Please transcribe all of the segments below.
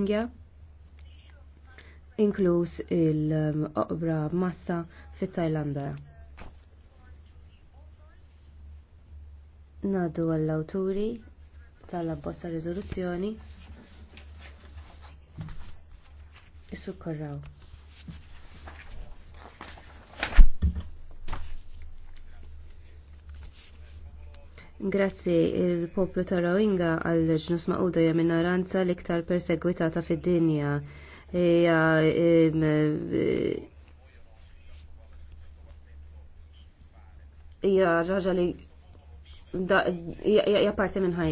Rohingya, inkluż il-oqbra massa fit-Tajlanda. Nadu għall-awturi tal abbossa Rizoluzzjoni. Issu korraw. Grazzi il-poplu ta' Rawinga għal ġnus maquda hija minoranza l-iktar persegwitata fid-dinja. Ija hija li ja parti minn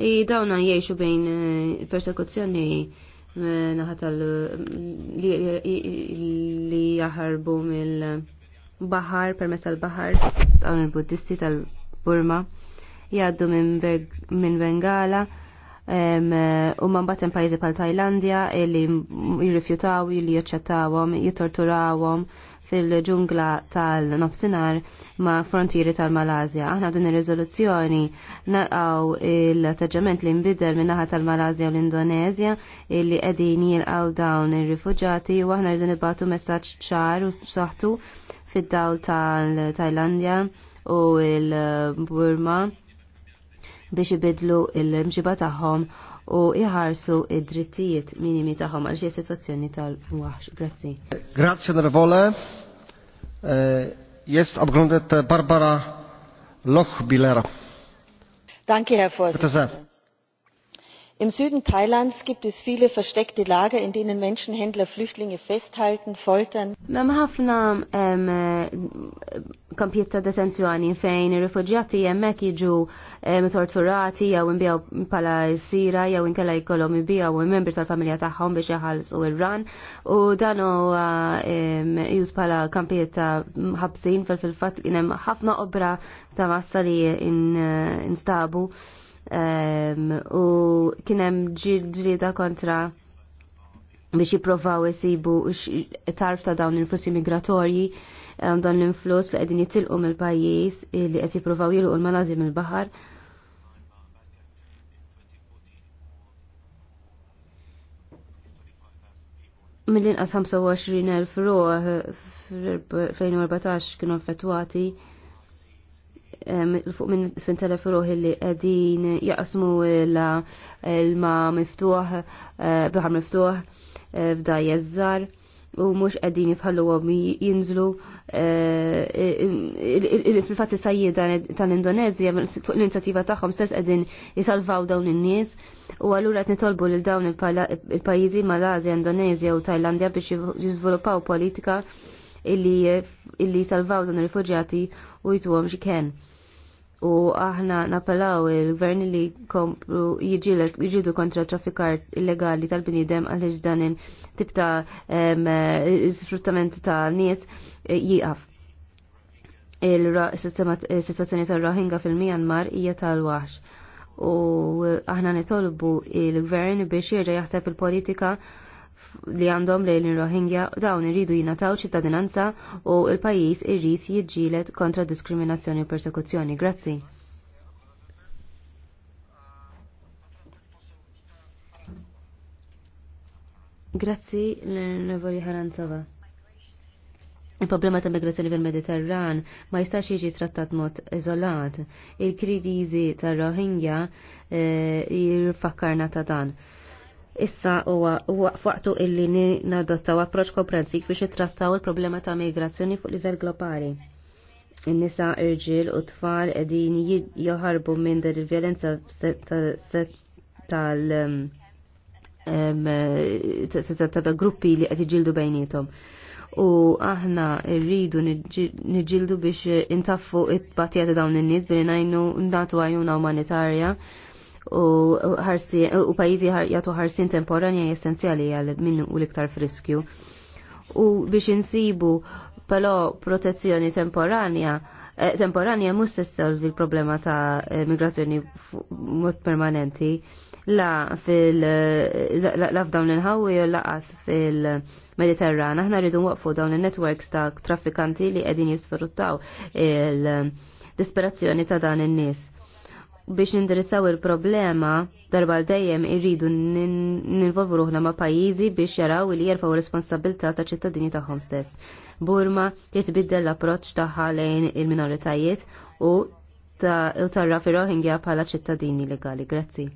I Dawna jgħixu bejn eh, persekuzzjoni eh, naħat li jaħarbu mill-bahar permess tal-bahar dawn il-Buddisti tal-Bahar Burma jgħaddu minn Bengala u man batten pajzi pal Tajlandja li jirrifjutaw li jaċċettawhom, jitorturawom fil-ġungla tal-nofsinar ma' frontieri tal-Malazja. Aħna din ir-riżoluzzjoni naqgħu il-atteġġament li nbidel minnaħa tal-Malazja u l-Indonezja li qegħdin jilqgħu dawn ir-rifuġati u aħna rridu nibgħatu messaġġ ċar u soħtu fid-dawl tal-Tajlandja. tal tajlandja u il burma biex ibidlu il-mġiba taħħom u iħarsu id-drittijiet minimi taħħom għal xi sitwazzjoni tal-waħx. Grazzi. Grazzi nervole. Eh, jest abgrundet Barbara Lochbiller. Danke, Herr Vorsitzender im süden thailands gibt es viele versteckte lager in denen menschenhändler flüchtlinge festhalten foltern Mem ħafna eh, kampijiet ta' detenzjoni fejn ir-rifuġjati hemmhekk jiġu torturati jew inbijaw pala sira jew inkella jkollhom inbijaw membri tal-familja tagħhom biex jaħallsu ir-ran u dan huwa już pala kampijiet ta' ħabsin fil-fatt kien hemm ħafna obra ta' massa li eh, instabu. In, um, u kienem ġilda kontra biex jiprofaw jisibu tarf ta' dawn il-flussi migratorji um, dan l-influss li għedin jitilqu mill-pajjiż li għed jiprofaw jilqu l manazi mill bahar Mill-inqas 25,000 ruħ fl-2014 kienu fetwati fuq minn 7000 telefruħ li qegħdin jaqsmu l-ma miftuħ eh, biħar miftuħ eh, f'dajja jazzar u mhux qegħdin jifħallu jinżlu eh, fil-fatt is-sajjieda tal indonezija fuq l inizjativa tagħhom stess qegħdin jisalvaw dawn in-nies u allura qed nitolbu lil dawn il-pajjiżi mal Indonezija Indonezja u Tajlandja biex jizvolupaw politika illi, illi salvaw dan il-rifugjati u jituhom xi kien u aħna napelaw il-gvern li kompru jiġidu kontra traffikar illegali tal-bnidem għaliex dan tip ta' eh, sfruttament ta' nies eh, jieqaf. Il-situazzjoni eh, tal-Rohingya fil-Myanmar hija tal-waħx u aħna nitolbu il-gvern biex jirġa' jaħseb il-politika il politika li għandhom lejn il-Rohingya dawn irridu jingħataw ċittadinanza u l-pajjiż irrid jiġilet kontra diskriminazzjoni u persekuzzjoni. Grazzi. Grazzi l-Nevoli Haranzova. Il-problema ta' migrazzjoni fil-Mediterran ma jistax jiġi trattat mod iżolat. il kridizi tar rohingya eh, jirfakkarna ta' dan issa huwa waqtu illi nadottaw approċ komprensiv biex ittrattaw il-problema ta' migrazzjoni fuq livell globali. In-nisa irġiel u tfal qegħdin joħarbu minn dar il violenza tal-gruppi li qed ġildu bejnietom u aħna rridu nġildu biex intaffu it-batija ta' dawn in-nies bil najnu natu għajuna umanitarja u, harsi, u pajizi jagħtu ħarsin temporanja essenzjali għal min u l-iktar friskju. U biex insibu però protezzjoni temporanja eh, temporanja mhux se solvi l-problema ta' migrazzjoni mod permanenti la fil la f'dawn il-ħawi u laqas fil-Mediterran. Aħna rridu waqfu dawn il-networks ta' traffikanti li qegħdin jisfruttaw il-disperazzjoni ta' dan in-nies biex nindirizzaw il-problema darba dejjem irridu ninvolvu ruħna ma' pajjiżi biex jaraw li jerfaw responsabilità ta' ċittadini tagħhom stess. Burma jitbiddel l-approċċ ta' lejn il-minoritajiet u ta' tarra fi Rohingya bħala ċittadini legali. Grazzi.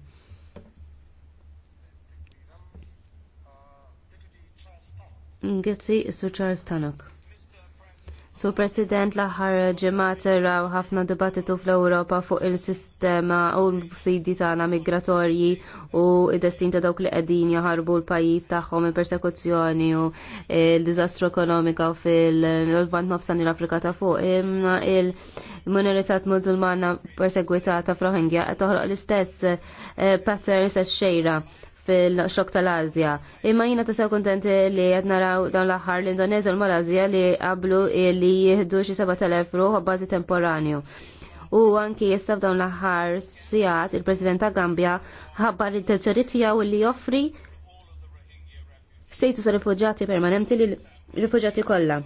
Grazzi, Sir Charles Tannock. So President l-aħħar ġemat raw ħafna dibattitu fl-Ewropa fuq il-sistema u l-fidi tagħna migratorji u id-destin ta' dawk li qegħdin jaħarbu l-pajjiż tagħhom il-persekuzzjoni u l-diżastru ekonomika fil-Lvant nofsan l-Afrika ta' fuq. Imma il-minoritat mużulmana persegwitata fl-Rohingya qed toħloq l-istess eh, patterns xejra fil-xok tal-Azja. Imma jina tasaw kontent li qed naraw dawn l-aħħar l-Indonezja u l-Malazja li qablu li jihdu xi 7,000 ruħ bażi temporanju. U anki jistaf dawn l-aħħar sigħat il-President ta' Gambja ħabbar l-intenzjoni tiegħu li joffri status rifugġati permanenti li rifugġati kollha.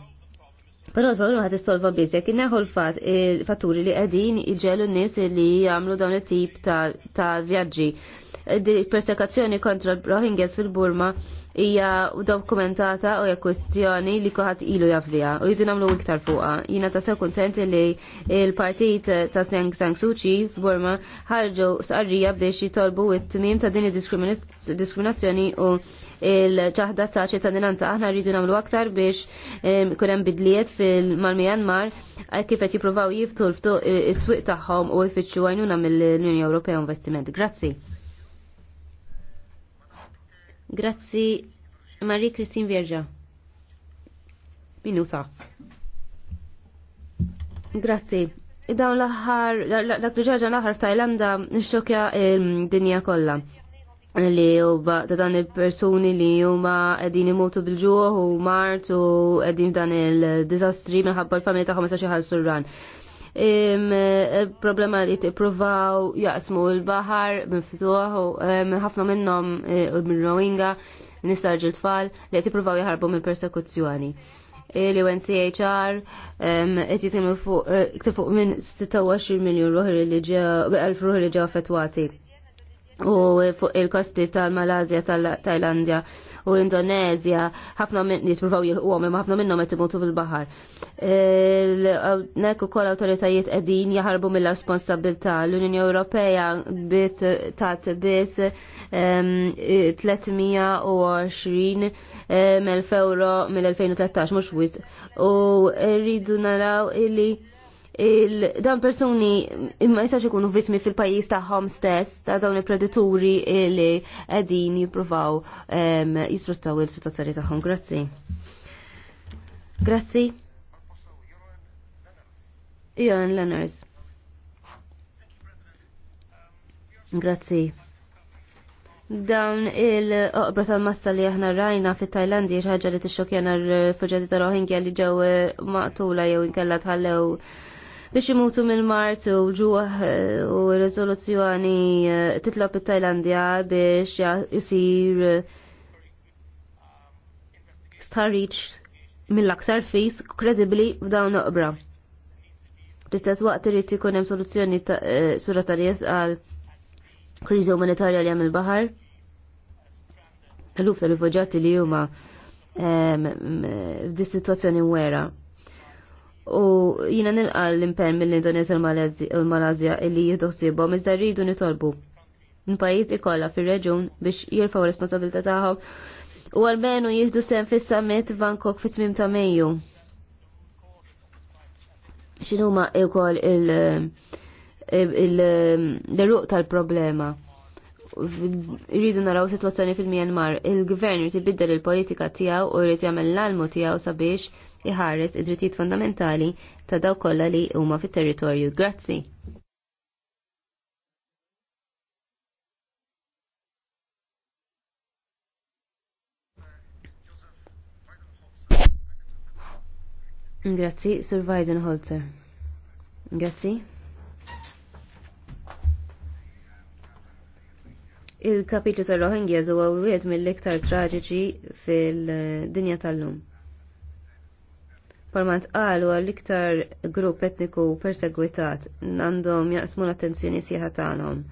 Però l-problema ħad issolva biss jekk neħu l-fat fatturi li qegħdin iġelu n-nies li jagħmlu dawn it-tip ta' vjaġġi persekazzjoni kontra Rohingyas fil-Burma hija dokumentata u hija kwestjoni li kuħat ilu jaflija u jidu namlu iktar fuqa. Jina ta' sew kontent li il-partit ta' Seng Sang Suu Kyi f'Burma ħarġu sqarrija biex jitolbu it-tmim ta' din id-diskriminazzjoni u il-ċaħda ta' ċittadinanza. Aħna rridu namlu aktar biex kunem bidliet fil-Mal-Myanmar eh, kif qed jippruvaw jiftu l-ftuq eh, is-swieq tagħhom u jfittxu għajnuna mill-Unjoni Ewropea Investiment. Grazzi. Grazzi Marie Christine Vierja. Minuta. Grazzi. Dawn l-aħħar, dak li ġarġa l-aħħar Tajlanda nixxokja ehm, dinja kollha li huwa ta' dan il-persuni li huma qegħdin imutu bil-ġuħ u mart u qegħdin dan il-diżastri minħabba l-familja tagħhom ma xi iħallsu r-ran. Eh, problema li tippruvaw jaqsmu l-baħar miftuħ u ħafna minnhom eh, u minn Rohingya nistarġu tfal li t-provaw jaħarbu mill-persekuzzjoni eh, l-UNCHR qed jitkellmu fuq minn 26 miljun ruħi li ġew 1000 ruħi li ġew affettwati u fuq il-kosti tal-Malazja, tal-Tajlandja u Indonezja, ħafna minn jisprofaw jilqu għom, ħafna minnhom qed imutu fil-baħar. Nek ukoll awtoritajiet qegħdin jaħarbu mill-responsabilità. L-Unjoni Ewropea bit tat biss 320 mill-euro mill-2013 mhux wis. U rridu naraw illi dan persuni imma jistax ikunu vittmi fil-pajjiż tagħhom stess ta' dawn il-predituri li qegħdin jippruvaw jisfruttaw il-sitwazzjoni tagħhom. Grazzi. Grazzi. Ian Lenners. Grazzi. Dawn il-oqbra tal-massa li aħna rajna fit tajlandi xaħġa li t-xokjana r-fuġati tal-Rohingja li ġew maqtula jew inkella tħallew biex imutu mill-Mart u ġuħ eh, u rezoluzzjoni eh, titlob it-Tajlandja biex jisir eh, starriċ mill-aktar fis kredibli f'dawn oqbra. L-istess waqt irid ikun hemm soluzzjoni sura għal kriżi umanitarja li hemm il-baħar. Eluf tal-rifuġati li huma f'di situazzjoni wera u jina nilqa l-impen mill indonesia u l-Malazja illi jihdoħsibhom iżda rridu nitolbu n pajiz ikolla fir-reġun biex jirfaw responsabilità tagħhom u għalmenu jihdu sen fis-summit Bangkok fit tmim ta' Mejju. X'inhuma wkoll il deruq tal-problema. Rridu naraw sitwazzjoni fil-Myanmar, il-gvern jrid ibiddel il-politika tiegħu u jrid jagħmel l-almu tiegħu sabiex iħares id-drittijiet fundamentali ta' daw kollha li huma fit-territorju. Grazzi. Grazzi, Sir Weidenholzer. Grazzi. Il-kapitlu tal-Rohingya huwa wieħed mill-iktar traġiċi fil-dinja tal-lum. Parmant għalu għal iktar grupp etniku persegwitat għandhom jaqsmu l-attenzjoni sieħa tagħhom.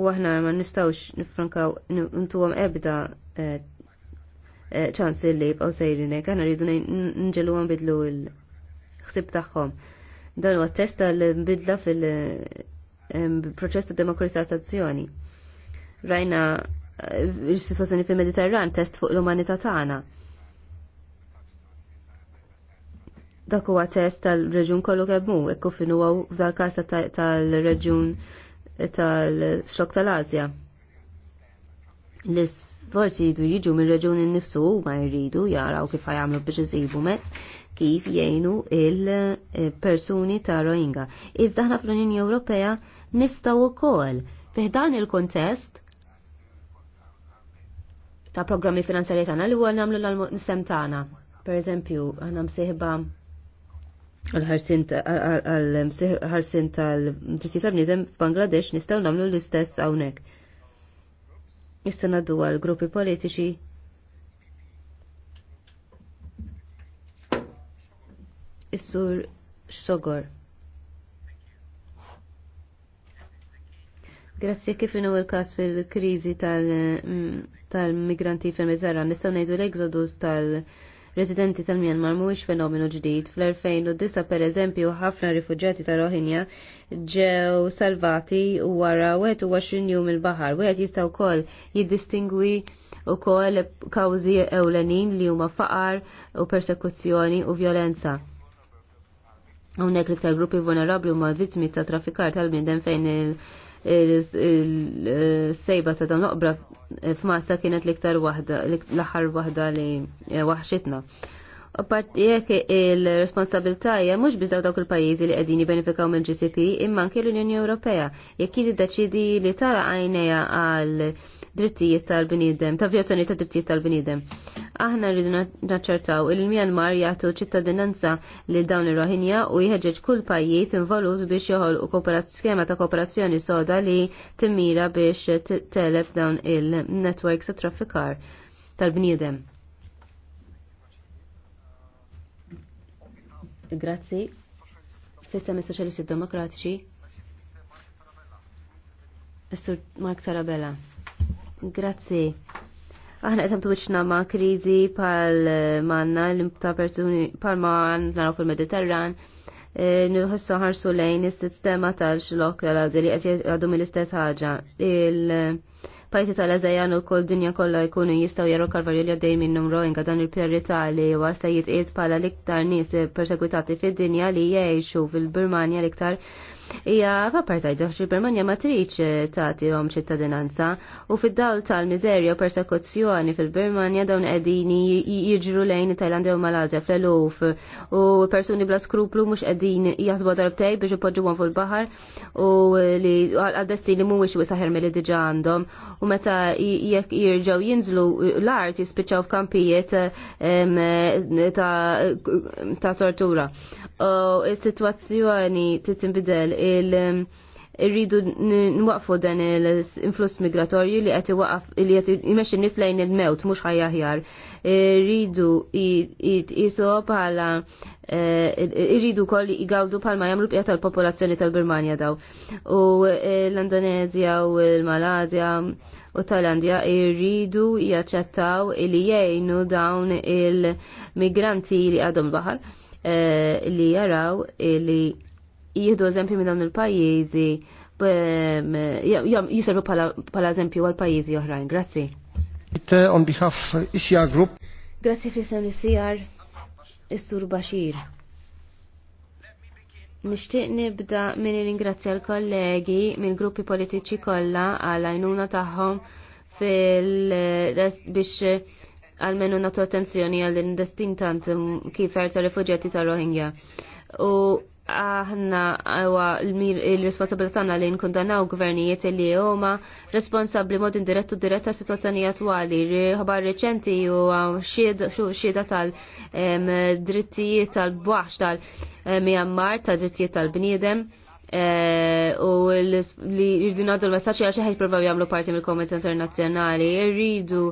U aħna ma nistgħux nifrankaw intuhom ebda eh, eh, ċans li jibqgħu sejrin hekk, aħna rridu nġeluhom bidlu l ħsib tagħhom. Dan huwa testa l-bidla fil-proċess ta' demokratizzazzjoni. Rajna s-sitwazzjoni eh, fil-Mediterran test fuq l-umanità tagħna. Ta Dak huwa test tal-reġun kollu kemmu, ekku finu għaw dal-kasa tal-reġun tal-xok tal-Azja. L-sforzi jidu jiġu mill reġun innifsu ma jridu jaraw kif għajamlu biex jizibu mezz kif jgħinu il-persuni ta' Rohingya. Iżda fl-Unjoni Ewropea nistaw kol. fiħdan il-kontest ta' programmi finanzjari tagħna li huwa nagħmlu l-sem tagħna. Per eżempju, għanna msiħba għal-ħarsin tal-ġustizja bnidem f'Bangladesh nistaw namlu l-istess hawnhekk. Issa naddu għal gruppi politiċi Is-sur Xogor. Grazzi kif inhu il-każ fil-kriżi mm, tal-migranti fil mizzarra nistgħu ngħidu l-exodus tal-, -tal residenti tal-Myanmar mhuwiex fenomenu ġdid. Fl-2009 pereżempju ħafna rifuġjati ta' Rohingya ġew salvati wara 21 jum il-baħar. Wieħed jista' wkoll jiddistingwi wkoll kawżi ewlenin li huma faqar u persekuzzjoni u violenza. Hawnhekk l-iktar gruppi vulnerabbli huma vittmi ta' traffikar tal-bniedem fejn il- il-sejba ta' dawn oqbra f'massa kienet l-iktar waħda, l-aħħar waħda li waħxitna. Apparti jek il responsabilta hija mhux biżdaw dawk il-pajjiżi li qegħdin jibbenefikaw mill-GCP imma anke l-Unjoni Ewropea jekk jiddeċidi li tara għajnejha għal drittijiet tal-bniedem, ta' vjazzjoni ta' drittijiet tal-bniedem. Aħna rridu naċċertaw il-Myanmar jagħtu ċittadinanza li dawn ir-Rohingya u jħeġġeġ kull pajjiż involut biex joħol skema ta' kooperazzjoni soda li timmira biex telef dawn il-networks ta' traffikar tal-bniedem. Grazzi. Fissa me Soċjalisti Demokratiċi. Is-Sur Mark Tarabella. Grazzi. Aħna qed wiċċna ma' kriżi pal manna l ta' persuni pal man naraw fil-Mediterran e, nħossu ħarsu lejn is-sistema tal-xlok tal li qed jgħaddu mill-istess ħaġa. Il-pajti tal-Azajan u kol dinja kollha jkunu jistgħu jaru kalvarju li għaddej minnhom roinga dan il-pjarità li huwa se jitqies bħala l-iktar nies perseguitati fid-dinja li jgħixu fil-Birmania l-iktar hija doħġi bermanja ma triċ tagħtihom ċittadinanza u fid-dawl tal-miżerja u persekuzzjoni fil-Bermanja dawn qegħdin jiġru lejn Tajlandja u Malazja fl-eluf u persuni bla skruplu mhux qegħdin jaħsbu darbtej biex ipoġġuhom fuq il-baħar u li għad-destin li mhuwiex wisaħer milli diġà għandhom u meta jekk jirġgħu jinżlu l-art jispiċċaw f'kampijiet ta' tortura. U s sitwazzjoni titinbidel il- irridu nwaqfu dan l-influss migratorju li qed iwaqaf li qed imexxi nis lejn il-mewt mhux ħajjaħjar. Irridu jitqisu bħala eh, irridu wkoll jgawdu bħalma jagħmlu bqija tal-popolazzjoni tal-Birmania daw. U l-Indonezja u l-Malazja u Tajlandja irridu jaċċettaw li jgħinu dawn il-migranti li għadhom baħar eh, li jaraw li jihdu eżempju minn dawn il-pajjiżi jiservu pala eżempju għal pajjiżi oħrajn. Grazzi. On behalf ICR Group. Grazzi fissem l-CR is Bashir. Nishtiq nibda minn ringrazzja l-kollegi minn gruppi politiċi kollha għal għajnuna tagħhom fil biex għalmenu natu attenzjoni għal indestin tant ta' rifugjati ta' Rohingya. U aħna għawa il-responsabilità tagħna li nkundanaw gvernijiet li huma responsabbli mod indirettu diretta situazzjoni attwali. Ħabar reċenti u xieda tal-drittijiet tal-bwaħx tal-Myanmar, tal-drittijiet tal-bniedem u li rridu nagħdu l-messaġġ għal xi ħadd jagħmlu parti mill-Komitet Internazzjonali, irridu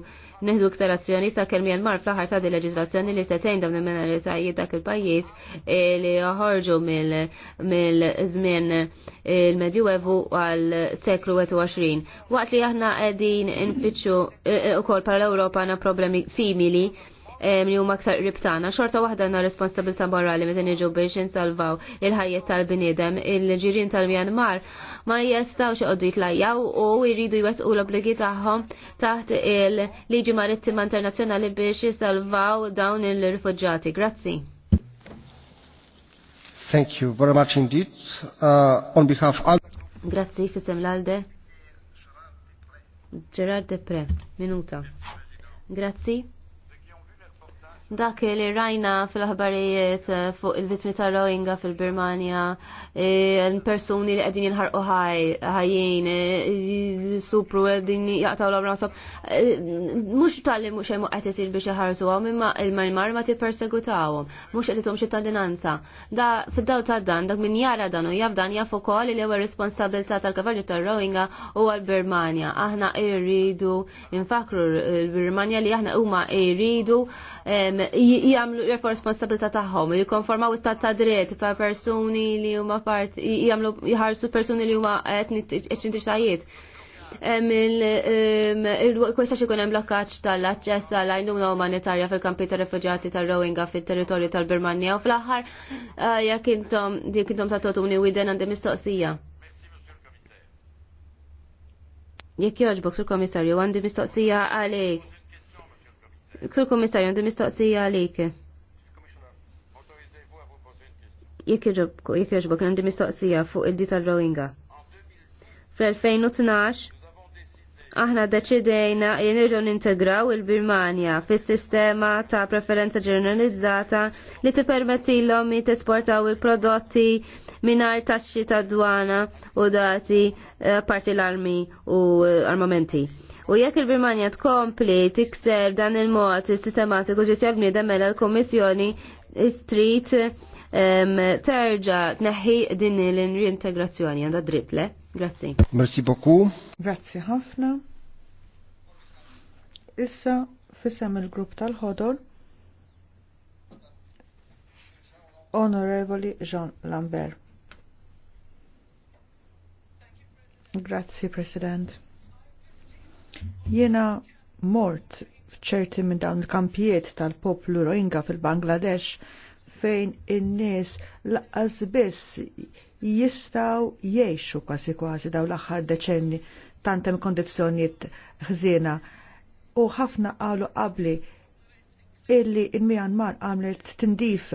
neħdu iktar azzjoni sa' kemm mar fl-aħħar ta' di leġizrazzjoni li setejn dawn il-minoritajiet dak il-pajjiż eh, li joħorġu mill-żmien eh, il medju evu għal seklu 21. Waqt li aħna qegħdin nfittxu eh, ukoll bħala Ewropa għandna problemi simili li huma aktar ribtana. Xorta waħda għandna responsabilità morali meta niġu biex insalvaw il-ħajjet tal binedem il-ġirien tal-Myanmar ma jistgħux iqogħdu jitlajjaw u jridu jwettqu l-obbligi tagħhom taħt il-liġi marittima internazzjonali biex jisalvaw dawn il-rifuġġati. Grazzi. Thank you very much indeed. Uh, on behalf of... Grazzi, fissem l-alde. Gerard Depre, minuta. Grazzi dak li rajna fil-ħabarijiet eh, fuq il-vitmi ta' Rohingya fil-Birmania, eh, personi li għedin jinħarqu ħajjien, eh, supru għedin jgħataw l għabra għasab, Mux tal-li mux jemmu għetisir biex jħarsu għom, imma il-marmar ma ti għom, mux għetitum dinanza Da, fid-daw ta' dan, dak min jara dan u jaf jafu kol li għu responsabilta tal kavarġi ta' Rohingya u għal-Birmania. Aħna irridu, infakru l-Birmania li aħna huma irridu jgħamlu responsabilità tagħhom, jikkonformaw istat ta' dritt pa' persuni li huma part jgħamlu jħarsu persuni li huma etni ċintixtajiet kwesta xie kunem blokkaċ tal-access għal-għajnuna umanitarja fil-kampi ta' refugjati tal-Rohingya fil-territorju tal-Birmania u fl-axar eh, jek intom dik intom ta' totuni u iden għandi mistoqsija. Jek joġbok sur komissarju għandi mistoqsija għalik. Sur Komissarju, għandu mistoqsija għalik. Jekk jogħġbok għandi mistoqsija fuq il-dita tal-Rowinga. Fl-2012 aħna deċidejna li n nintegraw il-Birmania fis-sistema ta' preferenza ġeneralizzata li tippermettilhom jitesportaw il-prodotti mingħajr taxxi ta' dwana u dati eh, parti l-armi u eh, armamenti. U jekk il-Birmania tkompli tikser dan il-mod sistematiku ġiet jagmida mela l-Kommissjoni Street terġa tneħħi din l-reintegrazzjoni għandha dritle. Grazzi. Merci beaucoup. Grazzi ħafna. Issa fissem il-grupp tal ħodol Onorevoli Jean Lambert. Grazzi, President. Jena mort ċerti minn dawn il-kampijiet tal-poplu Rohingya fil-Bangladesh fejn in-nies laqqas biss jistaw jiexu kwasi kwasi daw l-aħħar deċenni tantem kondizzjonijiet ħżiena u ħafna qalu qabli illi l myanmar għamlet tindif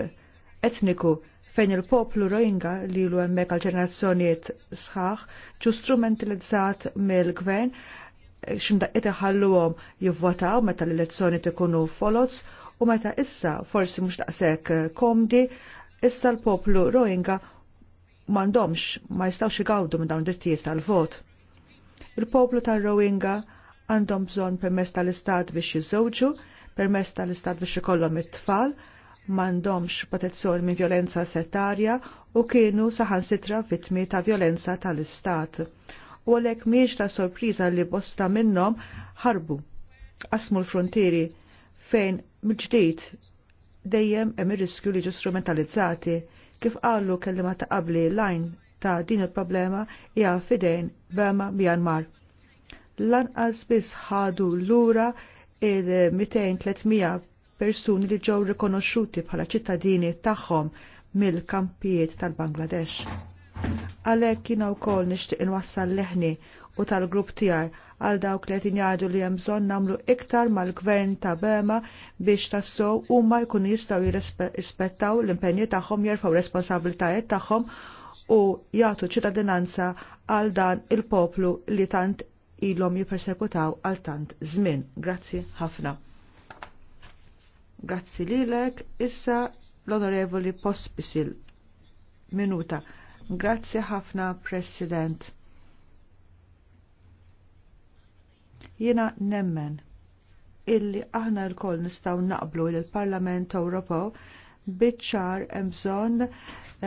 etniku fejn il-poplu Rohingya li l hemmhekk għal ġenerazzjonijiet sħaħ ġu strumentalizzat mill-gvern xindaqqiet iħalluhom jivvotaw meta l-elezzjoni tikunu folots u meta issa forsi mhux daqshekk komdi issa l-poplu Rohingya m'għandhomx ma jistgħux igawdu minn dawn id-drittijiet tal-vot. Il-poplu tar-Rohingya għandhom bżonn permess tal-istat biex jiżżewġu, permess tal-istat biex ikollhom it-tfal, m'għandhomx protezzjoni minn violenza settarja u kienu saħansitra vittmi ta' violenza tal-istat u għalhekk miex ta' sorpriża li bosta minnhom ħarbu qasmu l-frontieri fejn mġdejt ġdid dejjem hemm ir-riskju li ġu strumentalizzati kif qalu kellima ta' qabli lajn ta' din il-problema hija fidejn Burma Myanmar. Lanqas biss ħadu lura il-200-300 persuni li ġew rikonoxxuti bħala ċittadini tagħhom mill-kampijiet tal-Bangladesh. Għalhekk jiena wkoll nixtieq inwassal leħni u tal-grupp tiegħi għal dawk li qed jgħidu li hemm bżonn nagħmlu iktar mal-gvern ta' Bema biex tassew huma jkunu jistgħu jirrispettaw l-impenji tagħhom jerfaw responsabiltajiet tagħhom u jagħtu ċittadinanza għal dan il-poplu li tant ilhom jipersekutaw għal tant żmien. Grazzi ħafna. Grazzi lilek, issa l-Onorevoli Pospisil. Minuta. Grazzi ħafna, President. Jena nemmen illi aħna l-koll nistaw naqblu il-Parlament Ewropew bitċar emżon e,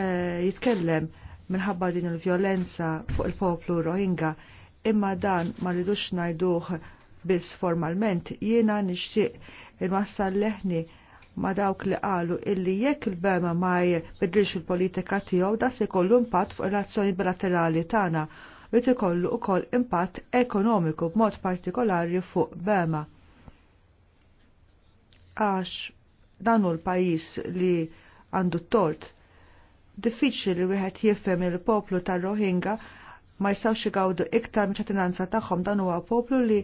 eh, jitkellem minħabba din il-vjolenza fuq il-poplu Rohingya imma dan ma rridux najduħ biss formalment jiena nixtieq il-massa leħni ma' dawk li qalu illi jekk il-Berma ma jibdilx il-politika tiegħu da se jkollu impatt fuq relazzjoni bilaterali tagħna li ikollu wkoll impatt ekonomiku b'mod partikolari fuq Berma. Għax dan hu l-pajjiż li għandu t-tort. Diffiċli li wieħed jifhem il-poplu tar-Rohingya ma jistawx igawdu iktar minn ċatinanza tagħhom dan huwa poplu li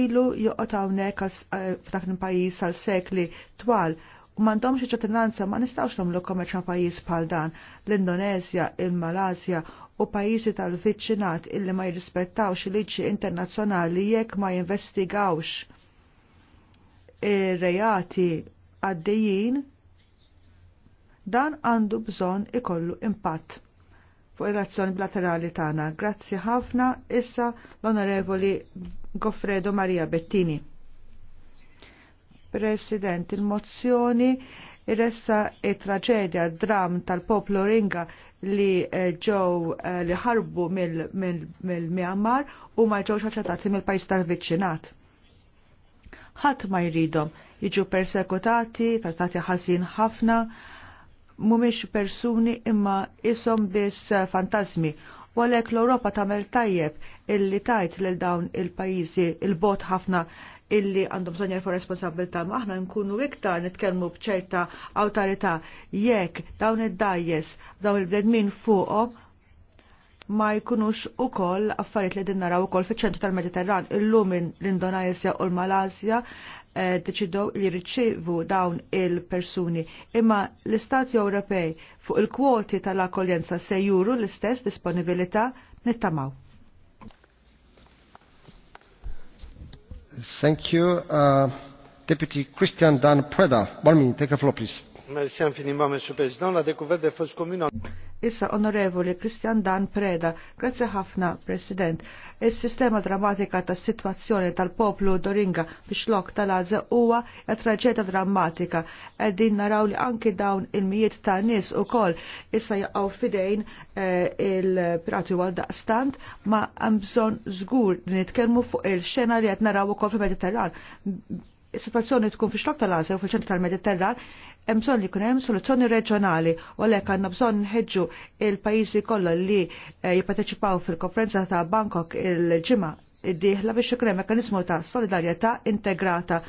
ilu joqgħod hawnhekk eh, f'dak il-pajjiż għal sekli twal u m'għandhomx ċatinanza ma nistgħux nagħmlu kommerċ ma' pajjiż bħal dan l-Indonezja, il-Malasja u pajjiżi tal-viċċinat illi ma jirrispettawx liġi internazzjonali jekk ma jinvestigawx ir-reati għaddejjin dan għandu bżon ikollu impatt fuq ir-razzjoni bilaterali tagħna. Grazzi ħafna issa l-Onorevoli Goffredo Maria Bettini. President, il-mozzjoni irressa e traġedja dram tal-poplu Ringa li eh, ġew eh, li ħarbu mill-Myanmar u ma ġewx aċċettati mill-pajjiż tal-viċinat. Ħadd ma jridhom jiġu persekutati, trattati ħażin ħafna, mumiex persuni imma isom biss fantasmi. U għalhekk l europa tagħmel tajjeb illi tajt lil dawn il-pajjiżi il-bot ħafna illi għandhom bżonja jirfu responsabilità ma aħna nkunu iktar nitkellmu bċerta awtorità jekk dawn id-dajjes dawn il-bledmin fuqhom ma jkunux ukoll affarijiet li din naraw ukoll fiċ-ċentru tal-Mediterran illum l indonajsja u l-Malasja Eh, deċidow li riċevu dawn il-persuni imma l-Istati Ewropej fuq il-kwoti tal-akkoljenza se juru l-istess disponibilità nittamaw. Thank you. Uh, Deputy Christian Dan Preda, one minute, take a floor, please. Merci infiniment, Monsieur le Président. La découverte des fausses communes... Issa onorevoli Christian Dan Preda, grazzi ħafna, President. Il-sistema drammatika ta' situazzjoni tal-poplu Doringa biex lok tal-Azza huwa traġeda drammatika. Eddin naraw li anki dawn il-mijiet ta' nis u kol issa jaqaw fidejn eh, il-pirati għal daqstant ma' għambżon zgur nitkelmu fuq il-xena li għet naraw u kol fil-Mediterran. Situazzjoni tkun fix lok tal-Azza u fil-ċentru tal-Mediterran hemm bżonn li jkun hemm soluzzjoni reġjonali u għalhekk għandna bżonn nħeġġu il-pajjiżi kollha li eh, jipparteċipaw fil-konferenza ta' Bangkok il-ġimgħa id-dieħla biex ikun hemm ta' solidarjetà integrata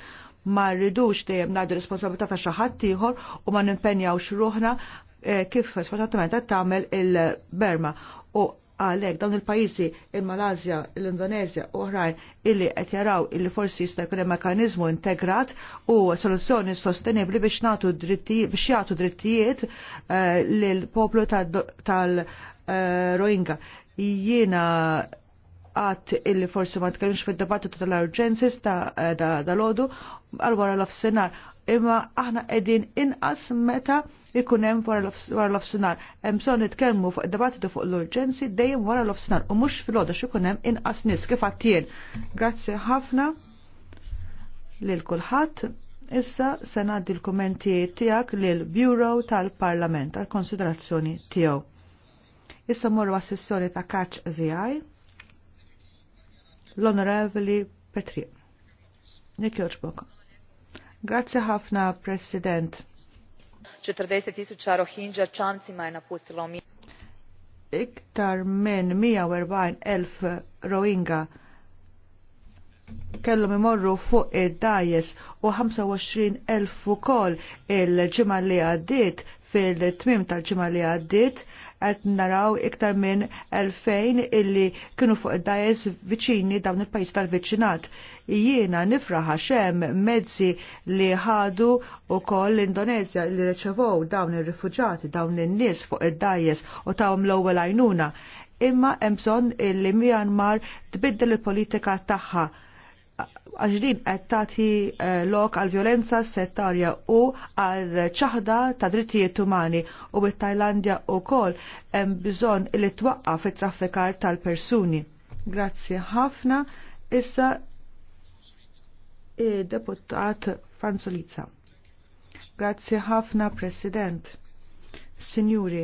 ma rridux dejjem ngħidu responsabilità ta' xi ħadd ieħor u ma nimpenjawx ruħna eh, kif sfortunatament qed tagħmel il-Berma u għalek dawn il-pajizi il-Malazja, l-Indonezja u oħrajn illi qed jaraw illi forsi jista' jkun hemm integrat u soluzzjoni sostenibbli biex nagħtu drittijiet biex jagħtu drittijiet eh, lil poplu tal-Rohingya. Eh, Jiena għat illi forsi ma tkellimx fil-debattitu tal-urġensis ta' eh, dal-ħodu għal-wara l-offsenar. Imma aħna edin inqas meta ikun hemm wara l-offsenar. Hemm bżonn nitkellmu fuq id-debattitu fuq l urġenzi dejjem wara l-offsenar u mhux fil-għodu x'ikun hemm inqas nies kif jien. Grazzi ħafna lil kulħadd. Issa se ngħaddi l-kummenti tiegħek lil Bureau tal-Parlament għal konsiderazzjoni tiegħu. Issa morru għas-sessjoni ta' kaċ ZI l-Onorevoli Petri. Nek joġbok. Grazie ħafna, President. 40.000 Rohingya ċanzima je napustilo mi. Iktar minn 140.000 Rohingya kellhom imorru fuq id-dajes u 25.000 ukoll il-ġimgħa li għaddiet fil-tmim tal-ġimgħa li għaddiet qed naraw iktar minn 2000 illi kienu fuq id-dajes viċini dawn il-pajjiż tal-viċinat. Jiena nifraħa xem mezzi li ħadu u koll l-Indonezja li reċevow dawn ir-rifuġati, dawn il nies fuq id-dajes u tawhom l-ewwel għajnuna. Imma hemm bżonn illi Myanmar tbiddel il-politika tagħha għax din qed tagħti eh, lok għal violenza settarja u għal ċaħda ta' drittijiet umani u bit-Tajlandja wkoll hemm bżonn li twaqqaf fit traffikar tal-persuni. Grazzi ħafna. Issa deputat Franzolica. Grazzi ħafna, President. Signori,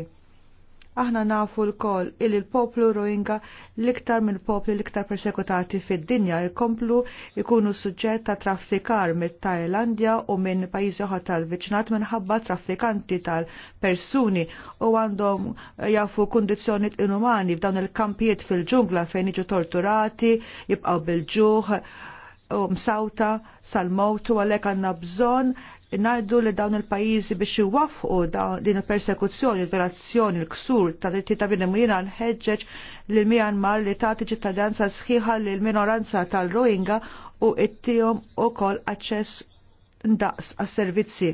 Aħna nafu l-kol il il-poplu Rohingya l-iktar mill poplu l-iktar persekutati fid-dinja jkomplu ikunu suġġett ta' traffikar mit tajlandja u minn pajjiżi oħra tal-viċinat minħabba traffikanti tal-persuni u għandhom jafu kundizzjoni inumani f'dawn il-kampijiet fil-ġungla fejn iġu torturati, jibqgħu bil-ġuħ, msawta sal-mowtu għalek għanna bżon najdu li dawn il-pajizi biex iwafqu din il-persekuzzjoni, il-verazzjoni, il-ksur ta' dritti ta' bini mujina nħedġeġ li l-Myanmar li ta' tal-danza sħiħa li l-minoranza tal-Rohingya u ittijom u kol aċċess ndaqs għas-servizzi.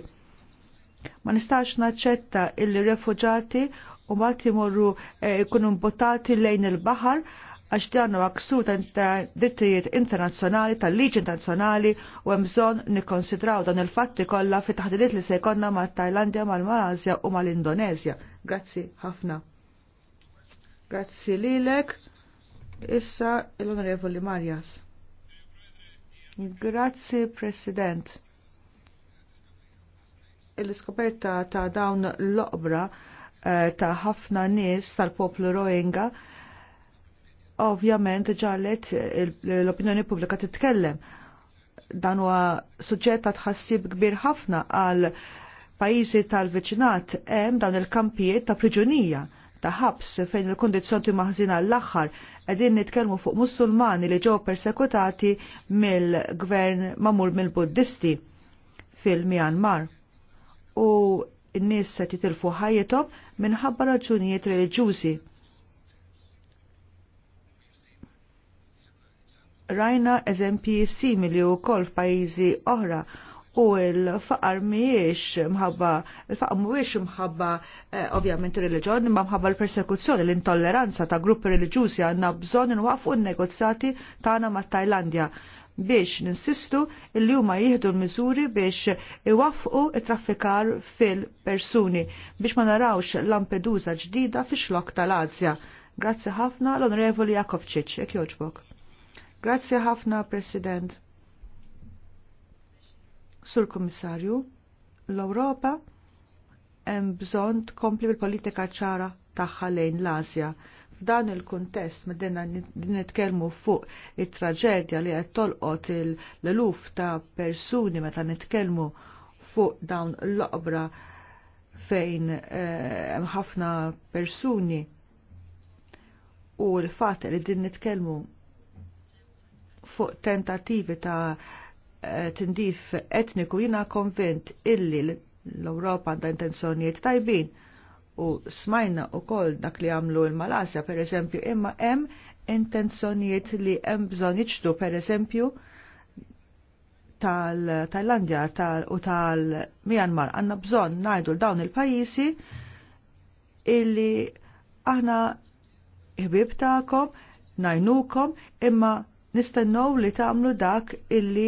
Ma nistax naċċetta il-refugġati u mbagħad Morru jkunu eh, mbotati lejn il-baħar għax dan huwa ksur ta' drittijiet internazzjonali tal-liġi internazzjonali u hemm bżonn nikkonsidraw dan il-fatti kollha fi taħdidiet li se jkollna mat-Tajlandja, mal-Malasja u mal-Indonezja. Grazzi ħafna. Grazzi lilek. Issa l-Onorevoli Marjas. Grazzi President. Il-iskoperta ta' dawn l-oqbra eh, ta' ħafna nies tal-poplu Rohingya ovvjament ġalet l-opinjoni pubblika titkellem. Dan huwa suġġett ta' tħassib kbir ħafna għal pajjiżi tal-viċinat hemm dawn il-kampijiet ta' priġunija ta' ħabs fejn il-kondizzjoni maħżina l-aħħar qegħdin nitkellmu fuq Musulmani li ġew persekutati mill-gvern mamur mill-Buddisti fil-Myanmar. U n-nies se titilfu ħajjithom minħabba raġunijiet reliġjużi rajna eżempji simili u kol f'pajjiżi oħra u l-faqar miex mħabba, l-faqar miex mħabba eh, ovvjament il reġjoni imma mħabba l-persekuzzjoni, l-intolleranza ta' gruppi reliġjużi għandna bżonn nwaqfu n-negozjati tagħna ma' Tajlandja biex ninsistu li huma jieħdu l-miżuri biex iwaffqu it-traffikar fil-persuni biex ma narawx Lampedusa ġdida fi xlok tal-Azja. Grazzi ħafna l-Onorevoli Jakovċiċ, ek joġbok. Grazzi ħafna, President. Sur Komissarju, l-Europa hemm bżonn tkompli bil-politika ċara tagħha lejn l-Asja. F'dan il-kuntest din nitkellmu fuq it-traġedja li qed tolqot l-eluf ta' persuni meta nitkellmu fuq dawn l-oqbra fejn eh, hemm ħafna persuni u l-fatt li din nitkellmu fuq tentativi ta' eh, tindif etniku jina konvint illi l-Europa għandha intenzjonijiet tajbin u smajna u koll dak li għamlu il-Malasja per eżempju imma hemm intenzjonijiet li hemm bżonn iċdu per eżempju tal-Tajlandja tal u tal-Myanmar għandna bżonn ngħidu dawn il-pajjiżi illi aħna ħbib ta'kom najnukom imma nistennow li tagħmlu dak illi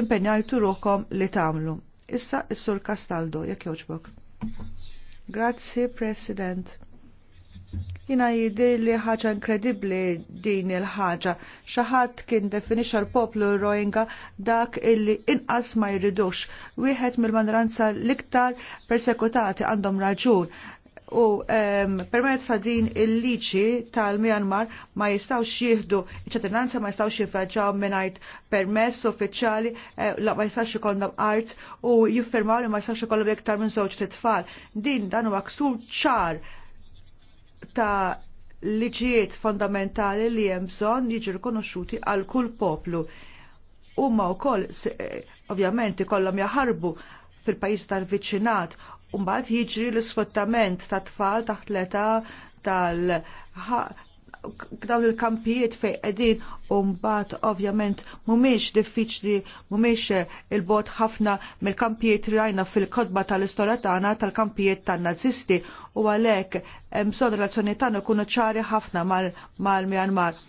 impenjajtu ruħkom li tagħmlu. Issa is-Sur Castaldo, jekk jogħġbok. Grazzi, President. Jina jidir li ħaġa inkredibbli din il-ħaġa. ħadd kien definixxa l-poplu Rohingya dak illi inqas ma jridux. Wieħed mill-manranza l-iktar persekutati għandhom raġun u um, permezz ta' din il-liċi tal-Myanmar ma jistawx jihdu ċatinanza ma jistawx jifraġaw minajt permess uffiċjali eh, ma jistawx ikollhom art u jiffermaw li ma jistawx ikollhom iktar minn żewġ titfal. Din dan huwa ksur ċar ta' liġijiet fondamentali li hemm bżonn jiġu rikonoxxuti għal kull poplu. Huma wkoll eh, ovvjament ikollhom jaħarbu fil-pajjiż tal-viċinat Umbat jiġri l sfottament ta' tfal taħt l-età tal dawn il-kampijiet fej qegħdin u mbagħad ovvjament mhumiex diffiċli mhumiex il-bot ħafna mill-kampijiet rajna fil-kodba tal-istorja tagħna tal-kampijiet tan-nazisti u għalhekk hemm bżonn relazzjoni tagħna jkunu ċari ħafna mal mjanmar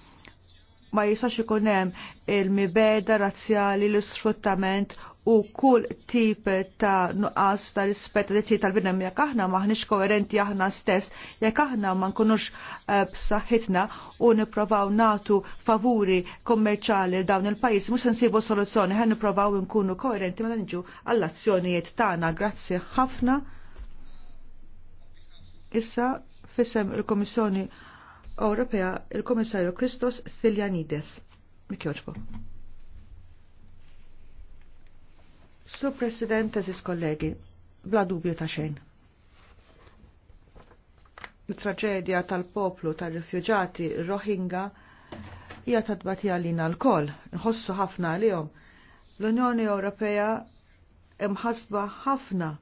Ma jistax ikun hemm il-mibeda razzjali, l-isfruttament u kull tip ta' nuqqas ta' rispetta li tal-binem jekk aħna maħniex koerenti aħna stess, jekk aħna ma nkunux eh, b'saħħitna u nipprovaw natu favuri kommerċali dawn il-pajjiż mhux nsibu soluzzjoni ħan nipprovaw nkunu koerenti ma' nġu għall-azzjonijiet tagħna. Grazzi ħafna. Issa fisem il-Komissjoni Ewropea il-Komissarju Kristos Siljanides. Mikjoġbo. Su President, eżis kollegi, bla dubju ta' xejn. Il-traġedja tal-poplu tal rifugjati Rohingya hija tadbati għalina l-kol, nħossu ħafna għalihom. L-Unjoni Ewropea imħasba ħafna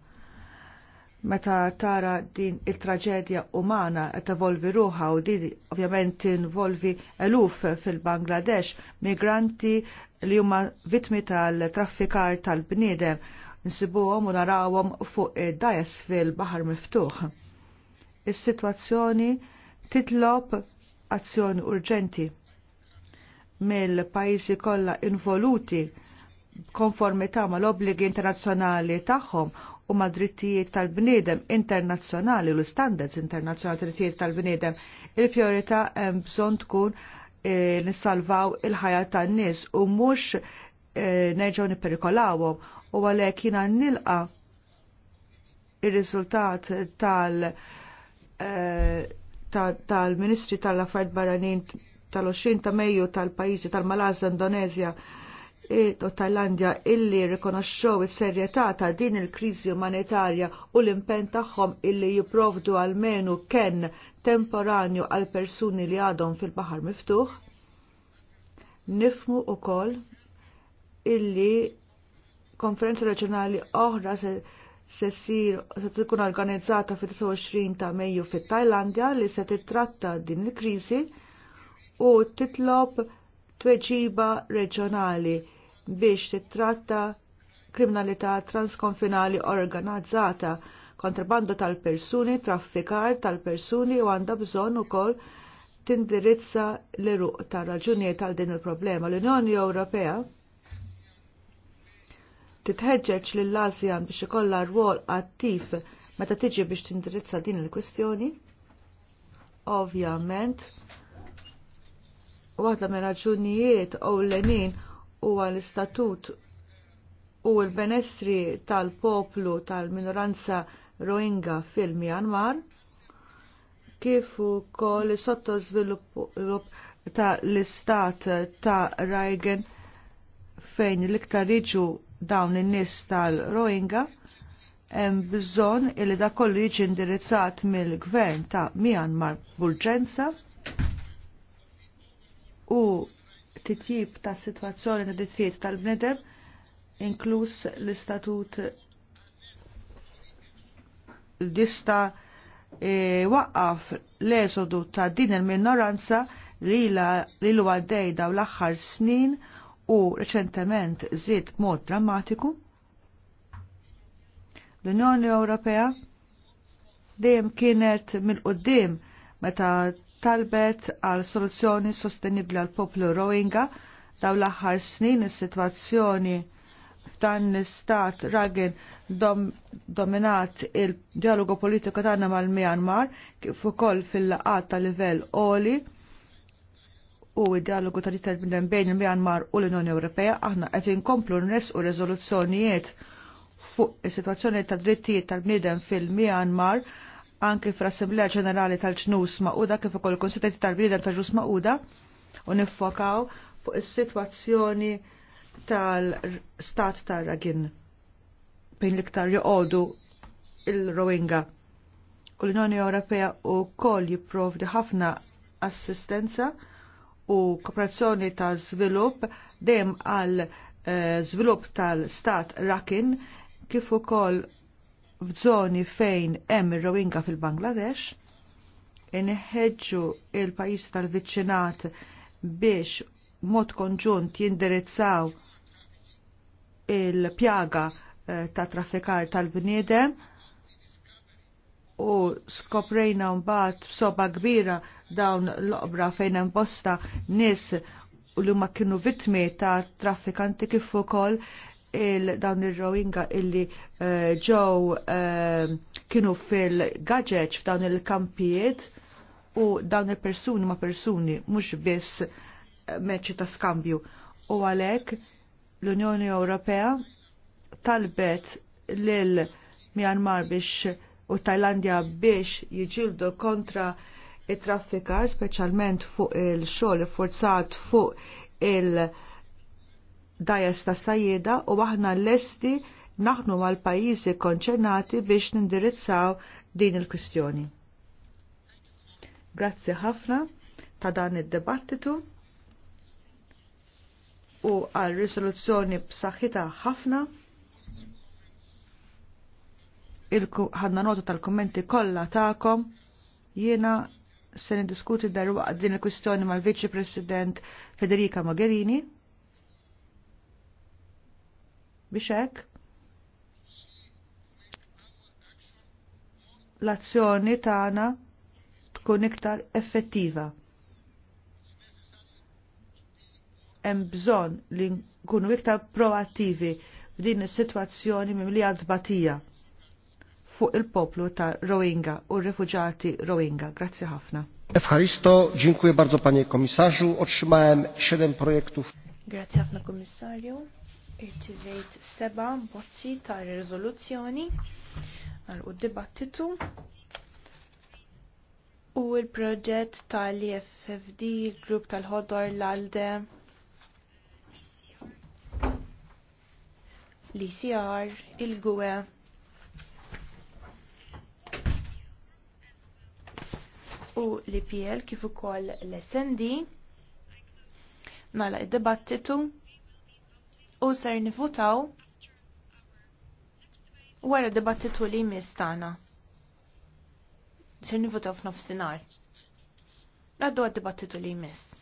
Meta tara din il-traġedja umana qed evolvi ruħa u din ovvjament involvi eluf fil-Bangladesh migranti li huma vittmi tal-traffikar tal-bniedem nsibuhom u narawhom fuq id-dajes fil-Baħar Miftuħ. Is-sitwazzjoni titlob azzjoni urġenti mill-pajjiżi kollha involuti konformità mal obbligi internazzjonali tagħhom u mad-drittijiet tal-bniedem internazzjonali u l-standards internazzjonali tal-drittijiet tal-bniedem, il priorita hemm bżonn tkun e, nissalvaw il-ħajja tan-nies u mhux e, nerġgħu nipperikolawhom u għalhekk jina nilqa ir-riżultat tal- eh, tal-Ministri tal-Affarijiet Barranin tal-20 ta' Mejju tal-Pajjiżi tal-Malazja Indonezja u Tajlandja illi rikonoxxew is-serjetà ta' din il-kriżi umanitarja u l-impenn tagħhom illi jipprovdu għalmenu kenn temporanju għal persuni li għadhom fil-baħar miftuħ. Nifmu ukoll illi konferenza reġjonali oħra se se sir se tkun organizzata fit-29 ta' Mejju fit-Tajlandja li se titratta din il-kriżi u titlob tweġiba reġjonali biex titratta kriminalità transkonfinali organizzata, kontrabando tal-persuni, traffikar tal-persuni u għandha bżonn ukoll tindirizza l ruq tar raġunijiet tal din il-problema. L-Unjoni Ewropea titħeġġeġ lill lazjan biex ikollha rwol attiv meta tiġi biex tindirizza din il-kwistjoni. Ovvjament, waħda me raġunijiet u lenin huwa l-istatut u l-benessri tal-poplu tal-minoranza Rohingya fil-Myanmar kif ukoll sottosvilupp ta' l-istat ta' Rajgen fejn l-iktar riġu dawn in-nies tal-Rohingya hemm bżonn li da kollu jiġi indirizzat mill-gvern ta' Myanmar b'urġenza u titjib ta' situazzjoni ta' dittijiet tal-bnedem, inkluż l-istatut dista e, waqqaf l-eżodu ta' din il-minoranza li l għaddej daw l-axħar snin u reċentement zid mod drammatiku. L-Unjoni Ewropea dejjem kienet mill-qoddim meta talbet għal soluzzjoni sostenibli għal poplu Rohingya daw l-aħħar snin is-sitwazzjoni f'dan l-istat ragen dom, dominat il-dialogu politiku tagħna mal-Myanmar kif ukoll fil laqgħat ta' livell oli u id-dialogu ta' jitter bejn il-Myanmar u l-Unjoni Ewropea aħna qed inkomplu nres u rezoluzzjonijiet fuq is-sitwazzjoni ta' drittijiet tal-bniedem fil-Myanmar anki fl-Assemblea Ġenerali tal-ġnus Mauda kif ukoll konsidenti tal-Bniedem tal-ġnus Mauda u niffokaw fuq is-sitwazzjoni tal-stat tar-Ragin bejn l-iktar joqogħdu il rowinga U l-Unjoni Ewropea wkoll jipprovdi ħafna assistenza u kooperazzjoni ta' żvilupp dejjem għal eh, żvilupp tal-stat Rakin kif ukoll f'żoni fejn hemm ir rowinga fil-Bangladesh, inħeġġu il-pajjiż tal-viċċinat biex mod konġunt jindirizzaw il-pjaga eh, ta' traffikar tal-bniedem u skoprejna mbagħad soba kbira dawn l-oqbra fejn hemm bosta nies u li ma kienu vittmi ta' traffikanti kif ukoll il-dawn il rowinga illi eh, ġew eh, kienu fil gadget f'dawn il-kampijiet u dawn il-persuni ma' persuni mhux biss eh, meċċi ta' skambju. U għalhekk l-Unjoni Ewropea talbet lil Myanmar biex u Tajlandja biex jiġildu kontra it-traffikar, speċjalment fuq il-xogħol forzat fuq il-, -xol, dajes ta' sajjeda u aħna lesti naħnu mal pajjiżi konċernati biex nindirizzaw din il-kwistjoni. Grazzi ħafna ta' dan id-debattitu u għal risoluzzjoni b'saħħitha ħafna ħadna nota tal-kommenti kollha tagħkom jiena se niddiskuti darwaqt din il-kwistjoni mal-Viċi President Federica Mogherini biex hekk l-azzjoni tagħna tkun iktar effettiva. Hemm bżonn li nkunu iktar proattivi f'din is-sitwazzjoni mimlija għadbatija fuq il-poplu ta' Rohingya u r-refuġati Rohingya. Grazzi ħafna. Efħaristo, dziękuję bardzo panie komisarzu. Otrzymałem 7 projektów. Grazie ħafna komisarju irċivejt seba bozzi ta' rizoluzzjoni għal u dibattitu u il-proġett tal-IFFD, il-grupp tal-ħodor l-ALDE, l-ICR, il-GUE, u l-IPL e. kif ukoll l-SND nagħlaq id-dibattitu u ser nivutaw wara dibattitu li mistana. Ser nivutaw f'nofsinhar. Naddu għad dibattitu li jmiss.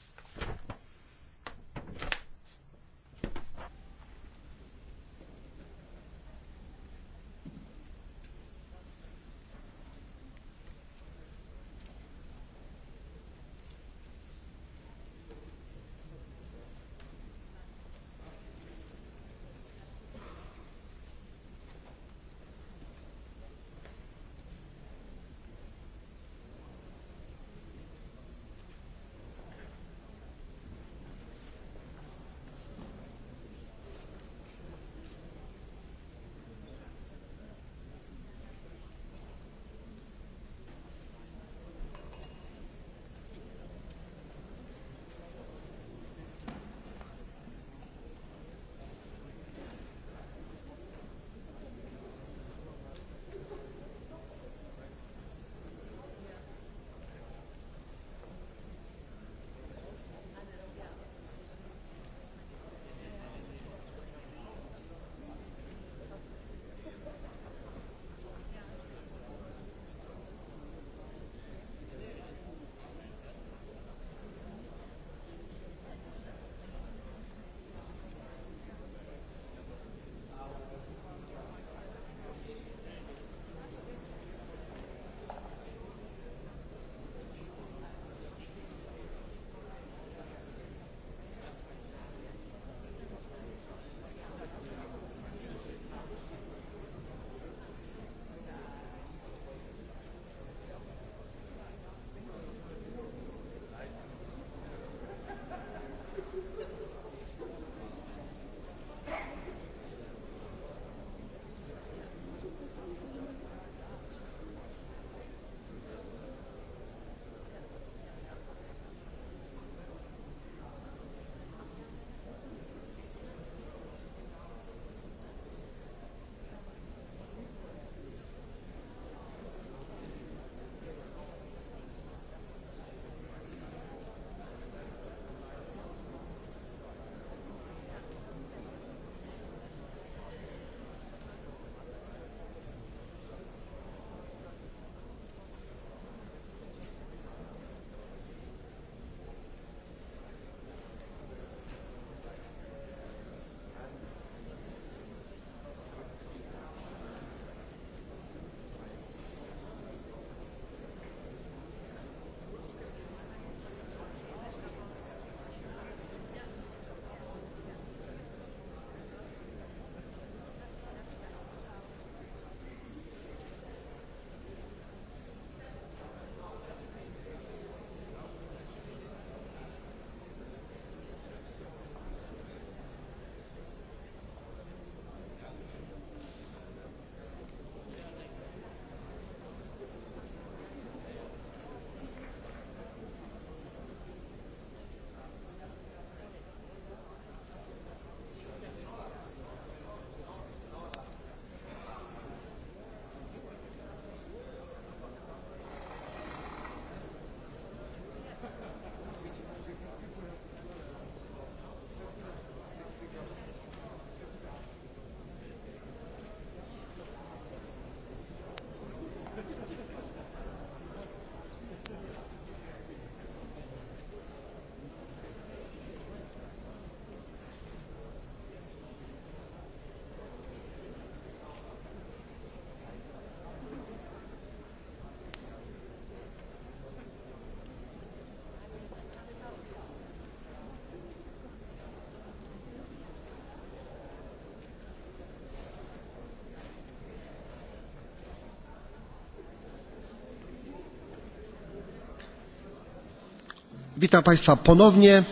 Witam Państwa ponownie.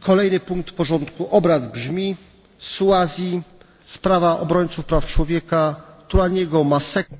Kolejny punkt porządku obrad brzmi Suazji, sprawa obrońców praw człowieka, Turaniego Masek.